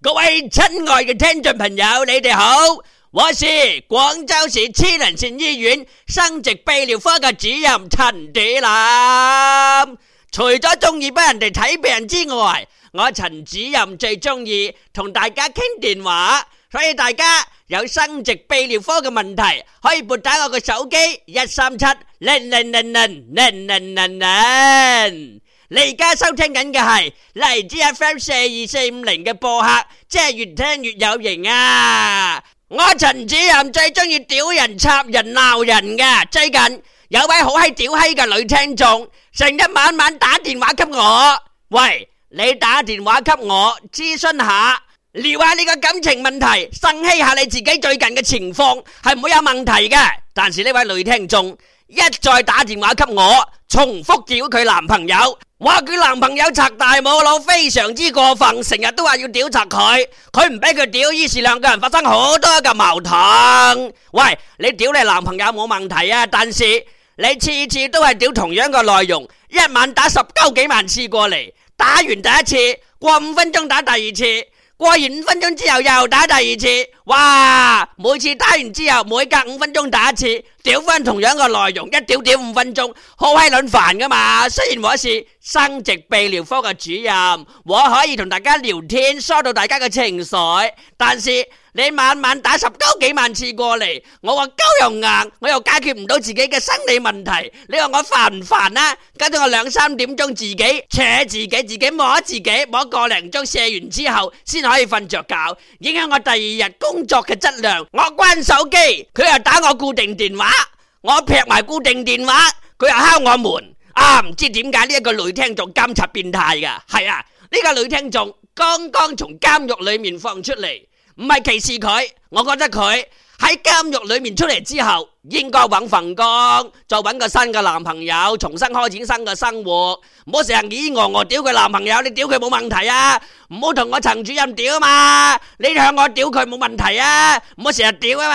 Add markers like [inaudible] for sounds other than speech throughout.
各位親愛嘅聽眾朋友，你哋好！我是廣州市千人線醫院生殖泌尿科嘅主任陳子林。除咗鍾意俾人哋睇病之外，我陳主任最鍾意同大家傾電話，所以大家有生殖泌尿科嘅問題，可以撥打我嘅手機一三七零零零零零零零零。你而家收聽緊嘅係荔枝 F M 四二四五零嘅播客，真係越聽越有型啊！我陳主任最中意屌人、插人、鬧人嘅。最近有位好閪屌閪嘅女聽眾，成日晚晚打電話給我，喂，你打電話給我諮詢下，聊下你個感情問題，分析下你自己最近嘅情況係唔會有問題嘅。但是呢位女聽眾一再打電話給我，重複屌佢男朋友。話佢男朋友拆大母佬非常之過分，成日都話要屌拆佢，佢唔畀佢屌，於是兩個人發生好多嘅矛盾。喂，你屌你男朋友冇問題啊，但是你次次都係屌同樣嘅內容，一晚打十鳩幾萬次過嚟，打完第一次，過五分鐘打第二次，過完五分鐘之後又打第二次。哇！每次打完之後，每隔五分鐘打一次，屌翻同樣嘅內容，一屌屌五分鐘，好閪卵煩噶嘛！雖然我是生殖泌尿科嘅主任，我可以同大家聊天，疏導大家嘅情緒，但是你晚晚打十高幾萬次過嚟，我話鳩硬，我又解決唔到自己嘅生理問題，你話我煩唔煩啊？跟住我兩三點鐘自己扯自己，自己摸自己摸個零鐘，射完之後先可以瞓着覺，影響我第二日工。工作嘅質量，我關手機，佢又打我固定電話，我劈埋固定電話，佢又敲我門，啊唔知點解呢一個女聽眾監察變態噶，係啊，呢個女聽眾剛剛從監獄裏面放出嚟，唔係歧視佢，我覺得佢。喺監獄裏面出嚟之後，應該揾份工，再揾個新嘅男朋友，重新開始新嘅生活。唔好成日爾爾我我屌佢男朋友，你屌佢冇問題啊？唔好同我陳主任屌啊嘛，你向我屌佢冇問題啊？唔好成日屌啊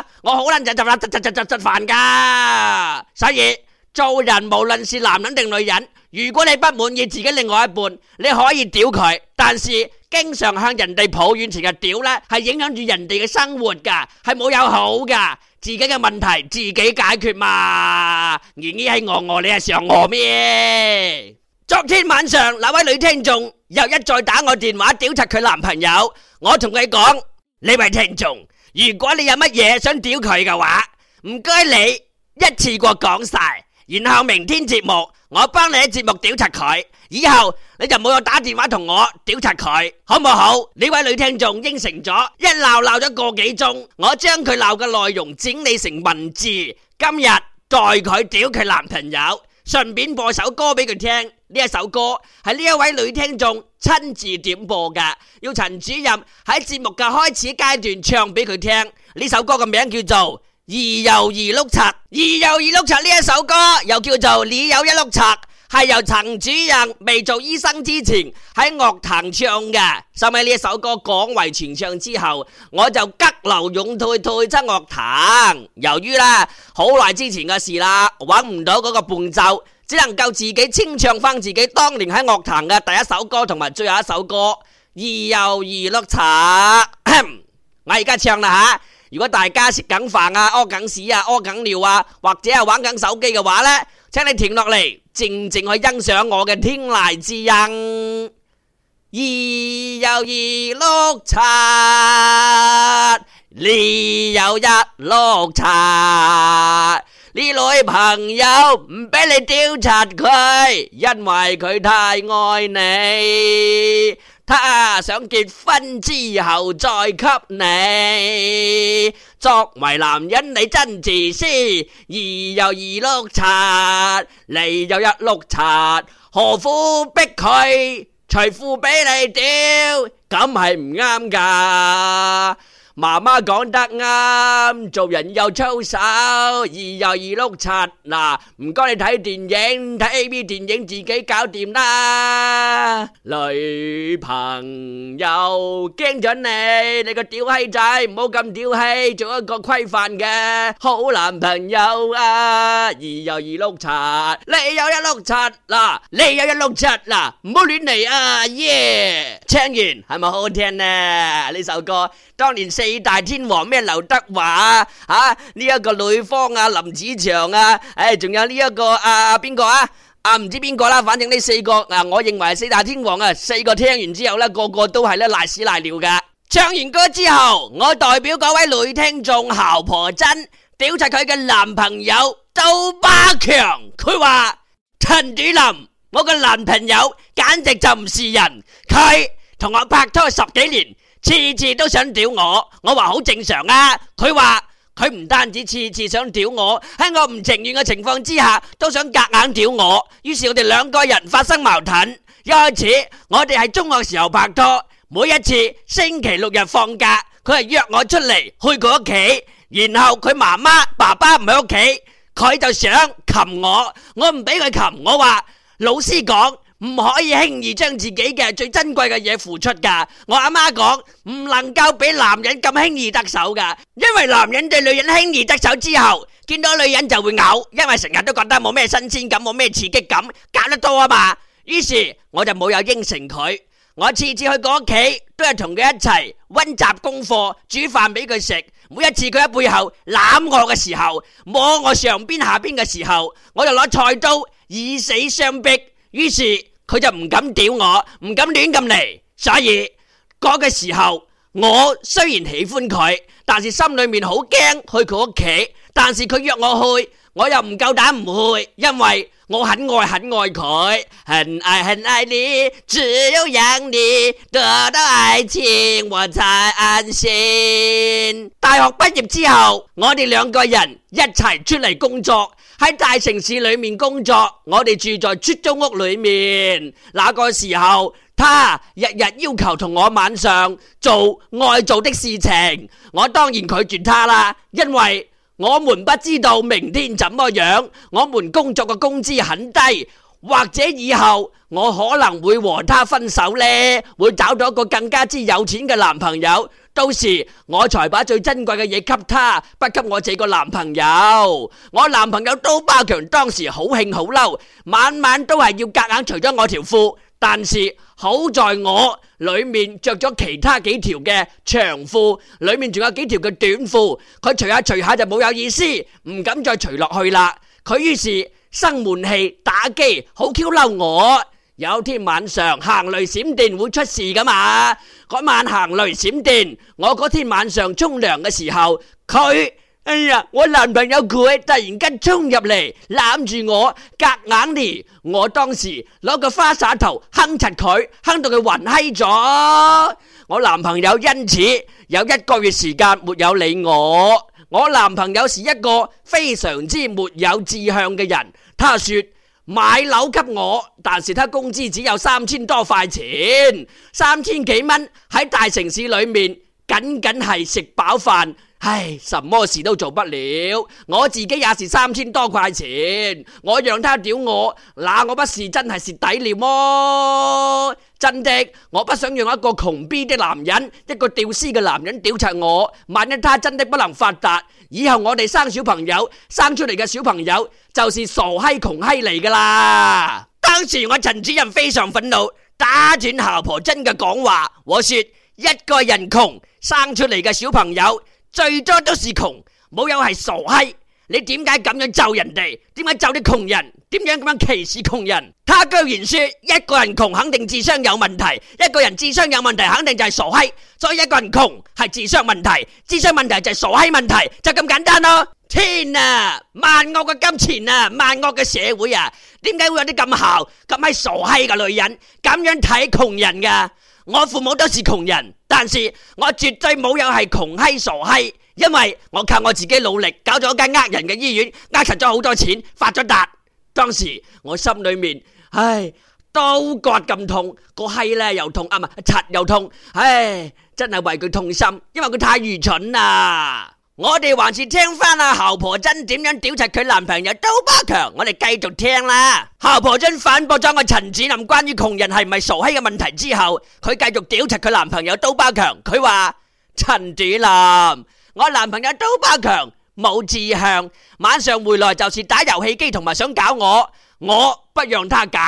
嘛，我好捻窒窒窒，窒窒窒窒窒煩㗎。所以做人，無論是男人定女人，如果你不滿意自己另外一半，你可以屌佢，但是。經常向人哋抱怨，成日屌呢係影響住人哋嘅生活噶係冇有好噶，自己嘅問題自己解決嘛。姨意係餓餓，你係想餓咩？昨天晚上那位女聽眾又一再打我電話屌窒佢男朋友，我同佢講：，呢位聽眾，如果你有乜嘢想屌佢嘅話，唔該你一次過講晒，然後明天節目我幫你喺節目屌窒佢。以後你就冇有打電話同我屌柒佢，好唔好？呢位女聽眾應承咗，一鬧鬧咗個幾鐘，我將佢鬧嘅內容整理成文字。今日代佢屌佢男朋友，順便播首歌俾佢聽。呢一首歌係呢一位女聽眾親自點播嘅，要陳主任喺節目嘅開始階段唱俾佢聽。呢首歌嘅名叫做《二又二碌柒》，二又二碌柒呢一首歌又叫做《你有一碌柒》。係由陳主任未做醫生之前喺樂壇唱嘅，收尾呢一首歌廣為傳唱之後，我就急流勇退退出樂壇。由於啦，好耐之前嘅事啦，揾唔到嗰個伴奏，只能夠自己清唱翻自己當年喺樂壇嘅第一首歌同埋最後一首歌《二又二碌茶》。我而家唱啦吓，如果大家食緊飯啊、屙緊屎啊、屙緊尿啊，或者係玩緊手機嘅話呢。請你停落嚟，靜靜去欣賞我嘅天籟之音。二又二碌柴，二又一碌柴，你女朋友唔俾你屌窒佢，因為佢太愛你。他想結婚之後再給你，作為男人你真自私，而二又二碌柒，你又一碌柒，何苦逼佢？除褲畀你屌，咁係唔啱噶。媽媽講得啱，做人又粗手，二又二碌柒嗱，唔該你睇電影，睇 AV 電影自己搞掂啦。女朋友驚咗你，你個屌閪仔，唔好咁屌閪，做一個規範嘅好男朋友啊！二又二碌柒，你有一碌柒嗱，啊，你有一碌柒嗱，唔好亂嚟啊！耶、啊，唱、yeah! 完係咪好好聽呢？呢首歌當年四大天王咩劉德華啊，吓呢一個呂方啊，林子祥啊，誒、哎、仲有呢一個啊邊個啊？啊唔知邊個啦，啊，反正呢四個啊，我認為四大天王啊，四個聽完之後呢，個個都係咧瀨屎瀨尿㗎。唱完歌之後，我代表嗰位女聽眾姣婆真。屌柒佢嘅男朋友周巴強，佢話陳主林，我嘅男朋友簡直就唔是人，佢同我拍拖十幾年，次次都想屌我。我話好正常啊，佢話佢唔單止次次想屌我，喺我唔情願嘅情況之下，都想夾硬屌我，於是我哋兩個人發生矛盾。一開始我哋係中學時候拍拖，每一次星期六日放假，佢係約我出嚟，去佢屋企。然後佢媽媽爸爸唔喺屋企，佢就想擒我，我唔畀佢擒。我話老師講唔可以輕易將自己嘅最珍貴嘅嘢付出噶。我阿媽講唔能夠俾男人咁輕易得手噶，因為男人對女人輕易得手之後，見到女人就會嘔，因為成日都覺得冇咩新鮮感，冇咩刺激感，夾得多啊嘛。於是我就冇有應承佢，我次次去佢屋企都係同佢一齊溫習功課，煮飯俾佢食。每一次佢喺背後攬我嘅時候，摸我上邊下邊嘅時候，我就攞菜刀以死相逼。於是佢就唔敢屌我，唔敢亂咁嚟。所以嗰個時候，我雖然喜歡佢，但是心裏面好驚去佢屋企。但是佢約我去。我又唔夠膽唔去，因為我很愛很愛佢，很愛很愛你，只有讓你得到愛情我才安心。大學畢業之後，我哋兩個人一齊出嚟工作，喺大城市裏面工作，我哋住在出租屋裏面。那個時候，他日日要求同我晚上做愛做的事情，我當然拒絕他啦，因為。我們不知道明天怎麼樣，我們工作嘅工資很低，或者以後我可能會和他分手呢。會找到一個更加之有錢嘅男朋友，到時我才把最珍貴嘅嘢給他，不給我自己男朋友。我男朋友刀疤強當時好興好嬲，晚晚都係要隔硬除咗我條褲。但是好在我裏面着咗其他幾條嘅長褲，裏面仲有幾條嘅短褲，佢除下除下就冇有意思，唔敢再除落去啦。佢於是生悶氣打機，好 Q 嬲我。有天晚上行雷閃電會出事㗎嘛？嗰晚行雷閃電，我嗰天晚上沖涼嘅時候，佢。哎呀！我男朋友佢突然間衝入嚟攬住我夾硬嚟，我當時攞個花灑頭鏗窒佢，鏗到佢暈閪咗。我男朋友因此有一個月時間沒有理我。我男朋友是一個非常之沒有志向嘅人，他說買樓給我，但是他工資只有三千多塊錢，三千幾蚊喺大城市裏面。僅僅係食飽飯，唉，什麼事都做不了。我自己也是三千多塊錢，我讓他屌我，那我不是真係蝕底了麼？真的，我不想讓一個窮逼的男人，一個屌絲嘅男人屌察我。萬一他真的不能發達，以後我哋生小朋友，生出嚟嘅小朋友就是傻閪窮閪嚟噶啦。 [noise] 當時我陳主任非常憤怒，打轉姣婆真嘅講話，我說一個人窮。生出嚟嘅小朋友最多都是窮，冇有係傻閪？你點解咁樣咒人哋？點解咒啲窮人？點樣咁樣歧視窮人？他居然說一個人窮肯定智商有問題，一個人智商有問題肯定就係傻閪。所以一個人窮係智商問題，智商問題就係傻閪問題，就咁簡單咯。天啊，萬惡嘅金錢啊，萬惡嘅社會啊，點解會有啲咁姣、咁閪傻閪嘅女人咁樣睇窮人噶、啊？我父母都是窮人，但是我絕對冇有係窮閪傻閪，因為我靠我自己努力搞咗間呃人嘅醫院，呃齊咗好多錢，發咗達。當時我心裏面唉，刀割咁痛，個閪呢又痛啊，唔擦又痛，唉真係為佢痛心，因為佢太愚蠢啦。我哋還是聽翻阿姣婆真點樣屌柒佢男朋友刀疤強，我哋繼續聽啦。姣婆真反駁咗我陳子林關於窮人係咪傻閪嘅問題之後，佢繼續屌柒佢男朋友刀疤強。佢話陳子林，我男朋友刀疤強冇志向，晚上回來就是打遊戲機同埋想搞我，我不讓他搞，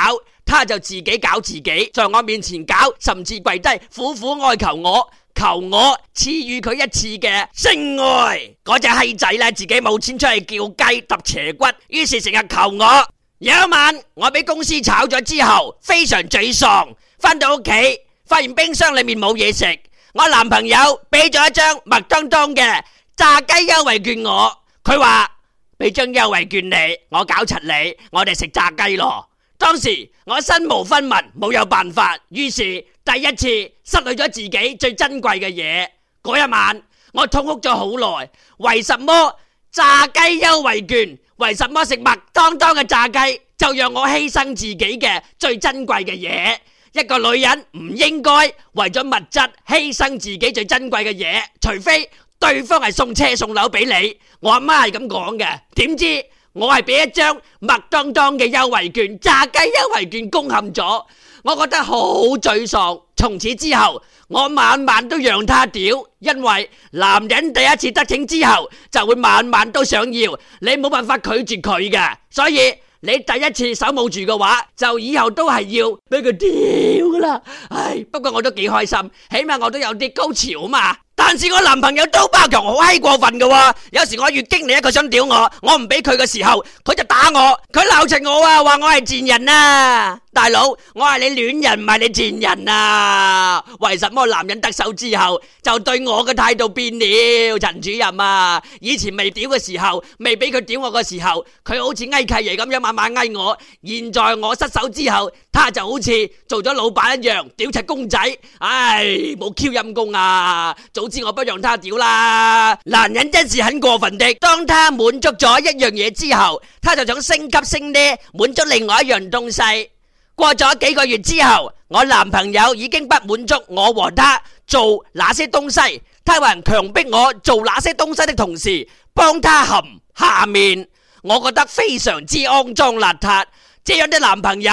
他就自己搞自己，在我面前搞，甚至跪低苦苦哀求我。求我賜予佢一次嘅性愛，嗰隻閪仔咧自己冇錢出去叫雞揼邪骨，於是成日求我。有一晚我俾公司炒咗之後，非常沮喪，翻到屋企發現冰箱裏面冇嘢食，我男朋友俾咗一張麥當當嘅炸雞優惠券我，佢話俾張優惠券你，我搞柒你，我哋食炸雞咯。當時我身無分文，冇有辦法，於是第一次失去咗自己最珍貴嘅嘢。嗰一晚我痛哭咗好耐。為什麼炸雞優惠券？為什麼食麥當當嘅炸雞就讓我犧牲自己嘅最珍貴嘅嘢？一個女人唔應該為咗物質犧牲自己最珍貴嘅嘢，除非對方係送車送樓俾你。我阿媽係咁講嘅，點知？我係俾一張麥當當嘅優惠券，炸雞優惠券攻陷咗，我覺得好沮喪。從此之後，我晚晚都讓他屌，因為男人第一次得逞之後就會晚晚都想要，你冇辦法拒絕佢嘅。所以你第一次守唔住嘅話，就以後都係要俾佢屌啦。唉，不過我都幾開心，起碼我都有啲高潮嘛。但是我男朋友都包強好閪過分噶，有時我越激你一個想屌我，我唔俾佢嘅時候，佢就打我，佢鬧情我啊，話我係賤人啊，大佬，我係你戀人唔係你賤人啊，為什麼男人得手之後就對我嘅態度變了？陳主任啊，以前未屌嘅時候，未俾佢屌我嘅時候，佢好似哎契爺咁樣慢慢契我，現在我失手之後，他就好似做咗老闆一樣屌柒公仔，唉，冇 Q 陰功啊，早知。我不用他屌啦！男人真是很過分的。當他滿足咗一樣嘢之後，他就想升級升呢，滿足另外一樣東西。過咗幾個月之後，我男朋友已經不滿足我和他做那些東西，他還強逼我做那些東西的同時，幫他含下面。我覺得非常之骯髒邋遢，這樣的男朋友。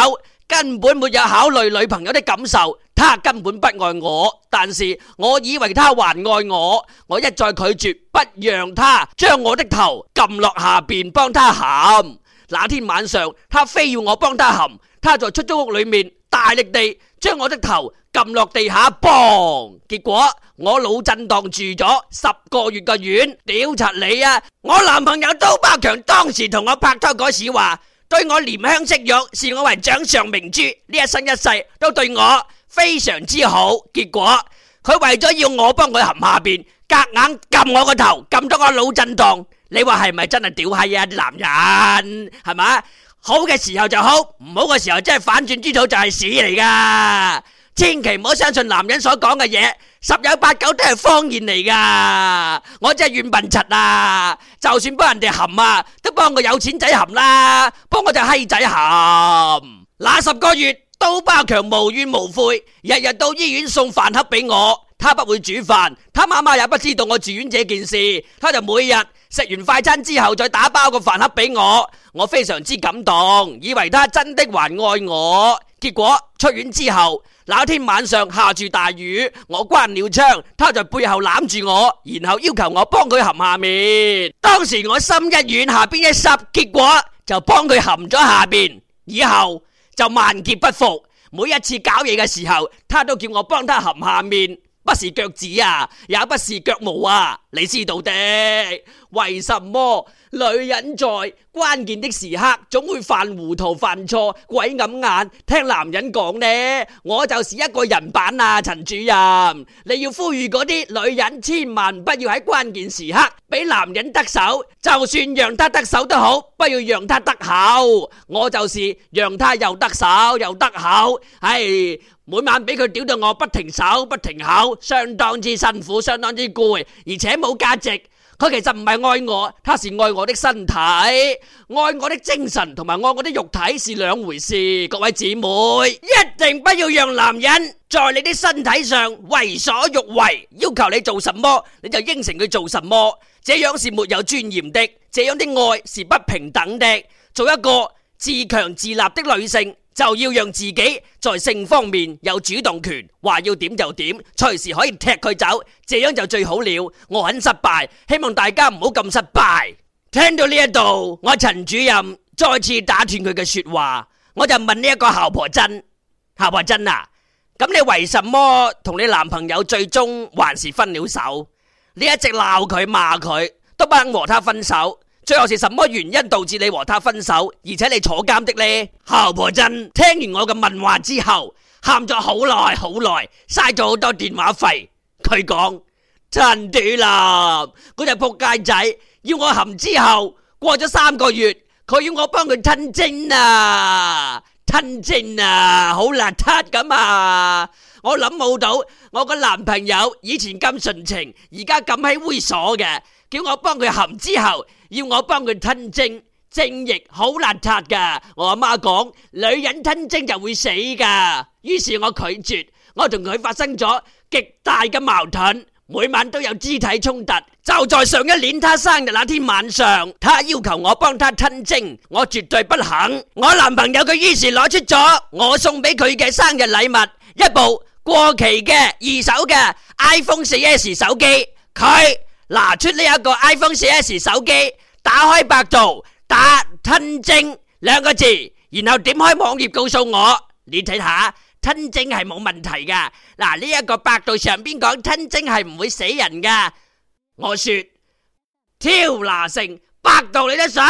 根本沒有考慮女朋友的感受，她根本不愛我，但是我以為她還愛我，我一再拒絕，不讓她將我的頭撳落下邊幫他冚。那天晚上，她非要我幫他冚，她在出租屋裏面大力地將我的頭撳落地下，嘣！結果我腦震盪住咗十個月嘅院。屌柒你啊！我男朋友刀疤強當時同我拍拖嗰時話。對我憐香惜玉，視我為掌上明珠，呢一生一世都對我非常之好。結果佢為咗要我幫佢含下邊，夾硬撳我個頭，撳到我腦震盪。你話係咪真係屌閪？啊？男人係嘛？好嘅時候就好，唔好嘅時候真係反轉豬肚就係屎嚟噶。千祈唔好相信男人所講嘅嘢，十有八九都係謊言嚟噶。我真係怨笨柒啊！就算幫人哋含啊，都幫個有錢仔含啦、啊，幫我隻閪仔含。那十個月，刀疤強無怨無悔，日日到醫院送飯盒俾我。他不會煮飯，他媽媽也不知道我住院這件事，他就每日食完快餐之後再打包個飯盒俾我。我非常之感動，以為他真的還愛我。結果出院之後，那天晚上下住大雨，我關了窗，他在背後攬住我，然後要求我幫佢含下面。當時我心一軟，下邊一濕，結果就幫佢含咗下面。以後就萬劫不復。每一次搞嘢嘅時候，他都叫我幫他含下面。不是腳趾啊，也不是腳毛啊，你知道的。為什麼女人在關鍵的時刻總會犯糊塗、犯錯、鬼揞眼，聽男人講呢？我就是一個人版啊，陳主任，你要呼籲嗰啲女人，千萬不要喺關鍵時刻俾男人得手，就算讓他得手都好，不要讓他得口。我就是讓他又得手又得口，唉、hey。每晚俾佢屌到我不停手不停口，相當之辛苦，相當之攰，而且冇價值。佢其實唔係愛我，他是愛我的身體、愛我的精神同埋愛我的肉體是兩回事。各位姐妹，一定不要讓男人在你的身體上為所欲為，要求你做什麼你就應承佢做什麼，這樣是沒有尊嚴的，這樣的愛是不平等的。做一個自強自立的女性。就要讓自己在性方面有主動權，話要點就點，隨時可以踢佢走，這樣就最好了。我很失敗，希望大家唔好咁失敗。聽到呢一度，我陳主任再次打斷佢嘅說話，我就問呢一個姣婆真，姣婆真啊，咁你為什麼同你男朋友最終還是分了手？你一直鬧佢罵佢，都不肯和他分手。最後是什麼原因導致你和他分手，而且你坐監的呢？姣婆真聽完我嘅問話之後，喊咗好耐好耐，嘥咗好多電話費。佢講：真啲啦，佢就扑街仔，要我含之後過咗三個月，佢要我幫佢吞精啊，吞精啊，好邋遢咁啊！我諗冇到，我個男朋友以前咁純情，而家咁喺猥瑣嘅，叫我幫佢含之後。要我幫佢吞精，精液好邋遢噶，我阿媽講女人吞精就會死噶，於是我拒絕，我同佢發生咗極大嘅矛盾，每晚都有肢體衝突。就在上一年他生日那天晚上，他要求我幫他吞精，我絕對不肯。我男朋友佢於是攞出咗我送俾佢嘅生日禮物一部過期嘅二手嘅 iPhone 4S 手機，佢。拿出呢一個 iPhone 四 S 手機，打開百度，打吞精兩個字，然後點開網頁，告訴我你睇下吞精係冇問題噶。嗱，呢一個百度上邊講吞精係唔會死人噶。我說：挑拿成百度，你都信？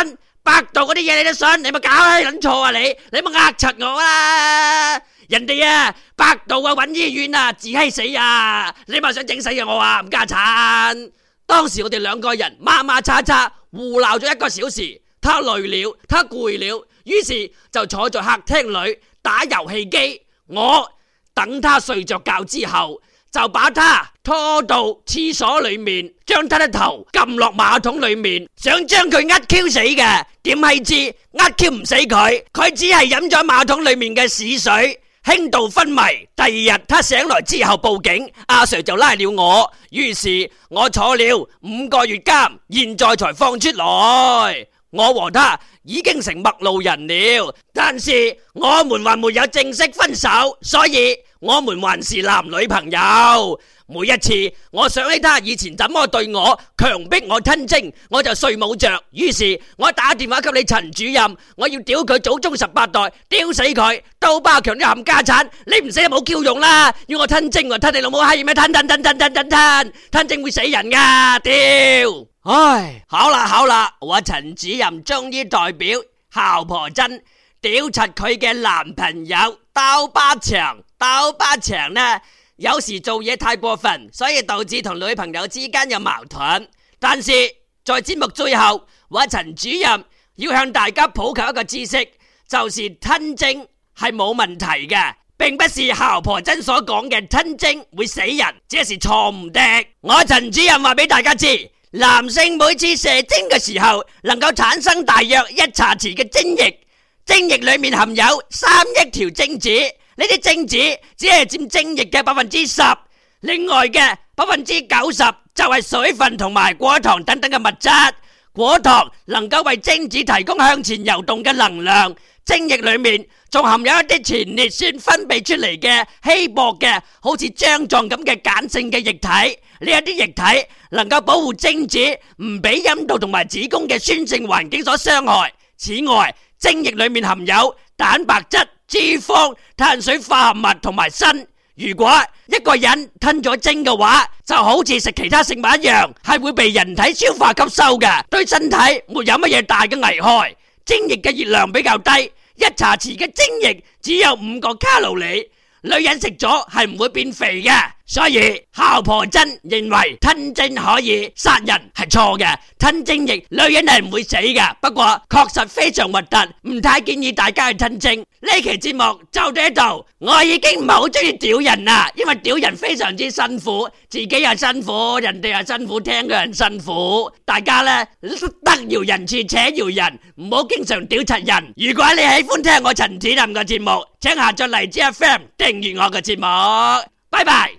百度嗰啲嘢你都信？你咪搞開撚錯啊！你你咪呃柒我啦，啊！人哋啊，百度啊，搵醫院啊，治嘿死人，啊，你咪想整死我啊？冚家鏟。當時我哋兩個人罵罵叉叉，胡鬧咗一個小時。他累了，他攰了，於是就坐在客廳裏打遊戲機。我等他睡着覺之後，就把他拖到廁所裏面，將他的頭撳落馬桶裏面，想將佢呃 Q 死嘅，點係知呃 Q 唔死佢，佢只係飲咗馬桶裏面嘅屎水。輕度昏迷，第二日他醒來之後報警，阿 Sir 就拉了我，於是我坐了五個月監，現在才放出來。我和他已經成陌路人了，但是我們還沒有正式分手，所以我們還是男女朋友。每一次我想起他以前怎麼對我，強迫我吞精，我就睡冇着。於是我打電話給你陳主任，我要屌佢祖宗十八代，屌死佢，刀疤強一冚家產，你唔死就冇叫用啦。要我吞精，我吞你老母閪，咩吞吞，吞吞吞吞吞吞吞，吞精會死人噶屌！唉，好啦好啦，我陳主任終於代表姣婆珍屌柒佢嘅男朋友刀疤祥，刀疤祥呢，有時做嘢，太過分，所以導致同女朋友之間有矛盾。但是在節目最後，我陳主任要向大家普及一個知識，就是吞精係冇問題嘅，並不是姣婆珍所講嘅吞精會死人，這是錯誤的。我陳主任話俾大家知。男性每次射精嘅時候，能夠產生大約一茶匙嘅精液，精液裏面含有三億條精子，呢啲精子只係佔精液嘅百分之十，另外嘅百分之九十就係、是、水分同埋果糖等等嘅物質。果糖能夠為精子提供向前游動嘅能量。精液裏面仲含有一啲前列腺分泌出嚟嘅稀薄嘅，好似漿狀咁嘅鹼性嘅液體。呢一啲液體能夠保護精子唔俾陰道同埋子宮嘅酸性環境所傷害。此外，精液裏面含有蛋白質、脂肪、碳水化合物同埋鋅。如果一個人吞咗精嘅話，就好似食其他食物一樣，係會被人體消化吸收嘅，對身體沒有乜嘢大嘅危害。精液嘅熱量比較低，一茶匙嘅精液只有五個卡路里，女人食咗係唔會變肥嘅。所以孝婆真認為吞精可以殺人係錯嘅，吞精液女人係唔會死嘅。不過確實非常核突，唔太建議大家去吞精。呢期節目就到呢度，我已經唔係好中意屌人啦，因為屌人非常之辛苦，自己又辛苦，人哋又辛苦，聽嘅人辛苦。大家咧得饒人處且饒人，唔好經常屌柒人。如果你喜歡聽我陳子林嘅節目，請下載荔枝 F.M. 訂閱我嘅節目。拜拜。